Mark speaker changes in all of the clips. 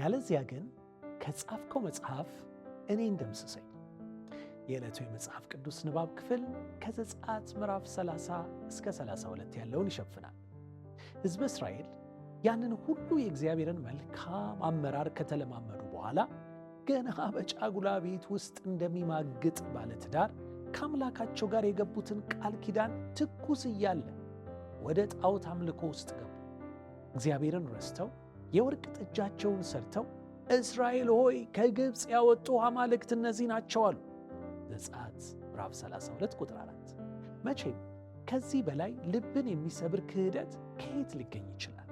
Speaker 1: ያለዚያ ግን ከጻፍከው መጽሐፍ እኔን ደምስሰኝ። የዕለቱ የመጽሐፍ ቅዱስ ንባብ ክፍል ከዘጸአት ምዕራፍ 30 እስከ 32 ያለውን ይሸፍናል። ሕዝበ እስራኤል ያንን ሁሉ የእግዚአብሔርን መልካም አመራር ከተለማመዱ በኋላ ገና በጫጉላ ቤት ውስጥ እንደሚማግጥ ባለትዳር ከአምላካቸው ጋር የገቡትን ቃል ኪዳን ትኩስ እያለ ወደ ጣዖት አምልኮ ውስጥ ገቡ። እግዚአብሔርን ረስተው የወርቅ ጥጃቸውን ሰርተው እስራኤል ሆይ ከግብፅ ያወጡ አማልክት እነዚህ ናቸው አሉ። ዘጸአት ምዕራፍ 32 ቁጥር 4። መቼም ከዚህ በላይ ልብን የሚሰብር ክህደት ከየት ሊገኝ ይችላል?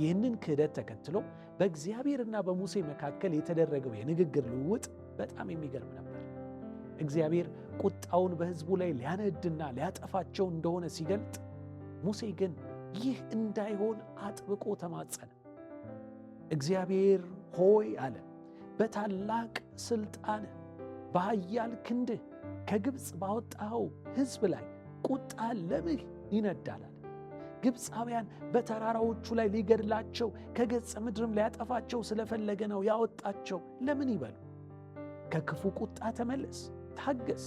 Speaker 1: ይህንን ክህደት ተከትሎ በእግዚአብሔርና በሙሴ መካከል የተደረገው የንግግር ልውውጥ በጣም የሚገርም ነበር። እግዚአብሔር ቁጣውን በሕዝቡ ላይ ሊያነድና ሊያጠፋቸው እንደሆነ ሲገልጥ፣ ሙሴ ግን ይህ እንዳይሆን አጥብቆ ተማጸነ። እግዚአብሔር ሆይ አለ በታላቅ ስልጣን በኃያል ክንድህ ከግብፅ ባወጣኸው ሕዝብ ላይ ቁጣ ለምህ ይነዳላል። ግብፃውያን በተራራዎቹ ላይ ሊገድላቸው ከገጸ ምድርም ሊያጠፋቸው ስለፈለገ ነው ያወጣቸው ለምን ይበሉ። ከክፉ ቁጣ ተመለስ፣ ታገስ፣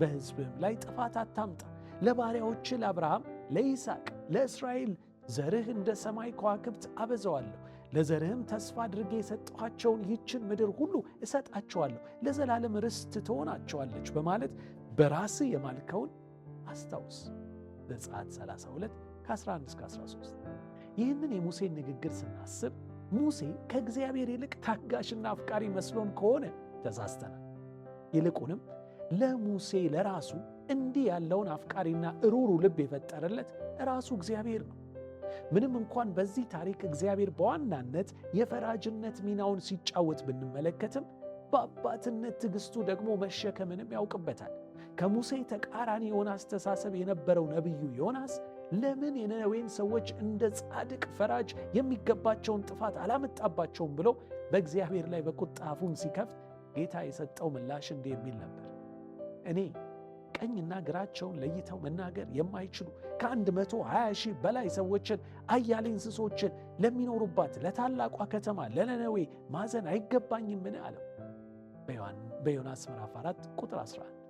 Speaker 1: በሕዝብህም ላይ ጥፋት አታምጣ። ለባሪያዎች ለአብርሃም፣ ለይስሐቅ፣ ለእስራኤል ዘርህ እንደ ሰማይ ከዋክብት አበዛዋለሁ ለዘርህም ተስፋ አድርጌ የሰጠኋቸውን ይችን ምድር ሁሉ እሰጣቸዋለሁ፣ ለዘላለም ርስት ትሆናቸዋለች በማለት በራስህ የማልከውን አስታውስ። ዘጸአት 32 ከ11 እስከ 13። ይህንን የሙሴን ንግግር ስናስብ ሙሴ ከእግዚአብሔር ይልቅ ታጋሽና አፍቃሪ መስሎን ከሆነ ተሳስተናል። ይልቁንም ለሙሴ ለራሱ እንዲህ ያለውን አፍቃሪና እሩሩ ልብ የፈጠረለት ራሱ እግዚአብሔር ነው። ምንም እንኳን በዚህ ታሪክ እግዚአብሔር በዋናነት የፈራጅነት ሚናውን ሲጫወት ብንመለከትም በአባትነት ትዕግስቱ ደግሞ መሸከምንም ያውቅበታል። ከሙሴ ተቃራኒ የሆነ አስተሳሰብ የነበረው ነቢዩ ዮናስ ለምን የነነዌን ሰዎች እንደ ጻድቅ ፈራጅ የሚገባቸውን ጥፋት አላመጣባቸውም ብሎ በእግዚአብሔር ላይ በቁጣ አፉን ሲከፍት ጌታ የሰጠው ምላሽ እንዲህ የሚል ነበር፣ እኔ ቀኝና ግራቸውን ለይተው መናገር የማይችሉ ከአንድ መቶ ሃያ ሺህ በላይ ሰዎችን አያሌ እንስሶችን ለሚኖሩባት ለታላቋ ከተማ ለነነዌ ማዘን ምን አለው በዮናስ ምዕራፍ 4 ቁጥር 11።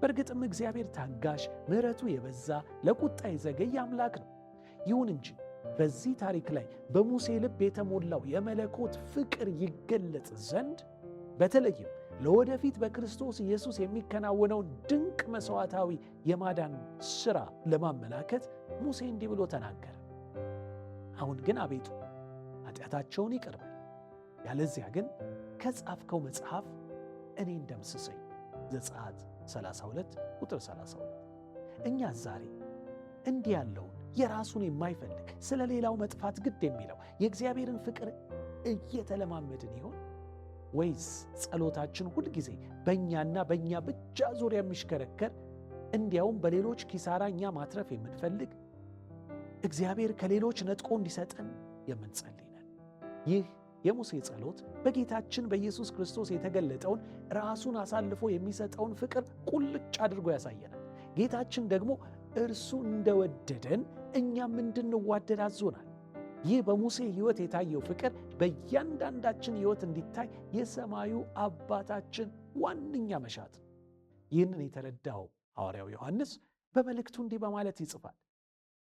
Speaker 1: በእርግጥም እግዚአብሔር ታጋሽ፣ ምሕረቱ የበዛ ለቁጣ የዘገየ አምላክ ነው። ይሁን እንጂ በዚህ ታሪክ ላይ በሙሴ ልብ የተሞላው የመለኮት ፍቅር ይገለጽ ዘንድ በተለይም ለወደፊት በክርስቶስ ኢየሱስ የሚከናወነውን ድንቅ መሥዋዕታዊ የማዳን ሥራ ለማመላከት ሙሴ እንዲህ ብሎ ተናገረ። አሁን ግን አቤቱ ኃጢአታቸውን ይቅር ያለዚያ ግን ከጻፍከው መጽሐፍ እኔን ደምስሰኝ። ዘጸአት 32 ቁጥር 32። እኛ ዛሬ እንዲህ ያለውን የራሱን የማይፈልግ ስለ ሌላው መጥፋት ግድ የሚለው የእግዚአብሔርን ፍቅር እየተለማመድን ይሆን? ወይስ ጸሎታችን ሁልጊዜ በእኛና በእኛ ብቻ ዙሪያ የሚሽከረከር እንዲያውም በሌሎች ኪሳራ እኛ ማትረፍ የምንፈልግ እግዚአብሔር ከሌሎች ነጥቆ እንዲሰጠን የምንጸልይ ነን? ይህ የሙሴ ጸሎት በጌታችን በኢየሱስ ክርስቶስ የተገለጠውን ራሱን አሳልፎ የሚሰጠውን ፍቅር ቁልጭ አድርጎ ያሳየናል። ጌታችን ደግሞ እርሱ እንደወደደን እኛም እንድንዋደድ አዞናል። ይህ በሙሴ ሕይወት የታየው ፍቅር በእያንዳንዳችን ህይወት እንዲታይ የሰማዩ አባታችን ዋነኛ መሻት ነው። ይህንን የተረዳው ሐዋርያው ዮሐንስ በመልእክቱ እንዲህ በማለት ይጽፋል።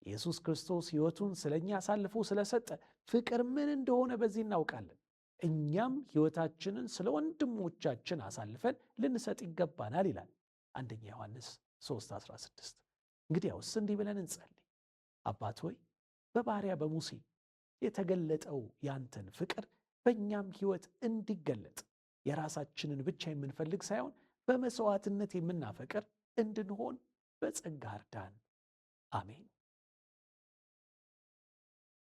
Speaker 1: ኢየሱስ ክርስቶስ ሕይወቱን ስለ እኛ አሳልፎ ስለሰጠ ፍቅር ምን እንደሆነ በዚህ እናውቃለን። እኛም ሕይወታችንን ስለ ወንድሞቻችን አሳልፈን ልንሰጥ ይገባናል ይላል አንደኛ ዮሐንስ 3:16። እንግዲያውስ እንዲህ ብለን እንጸልይ። አባት ሆይ በባሪያ በሙሴ የተገለጠው ያንተን ፍቅር በእኛም ሕይወት እንዲገለጥ የራሳችንን ብቻ የምንፈልግ ሳይሆን በመሥዋዕትነት የምናፈቅር እንድንሆን በጸጋ እርዳን። አሜን።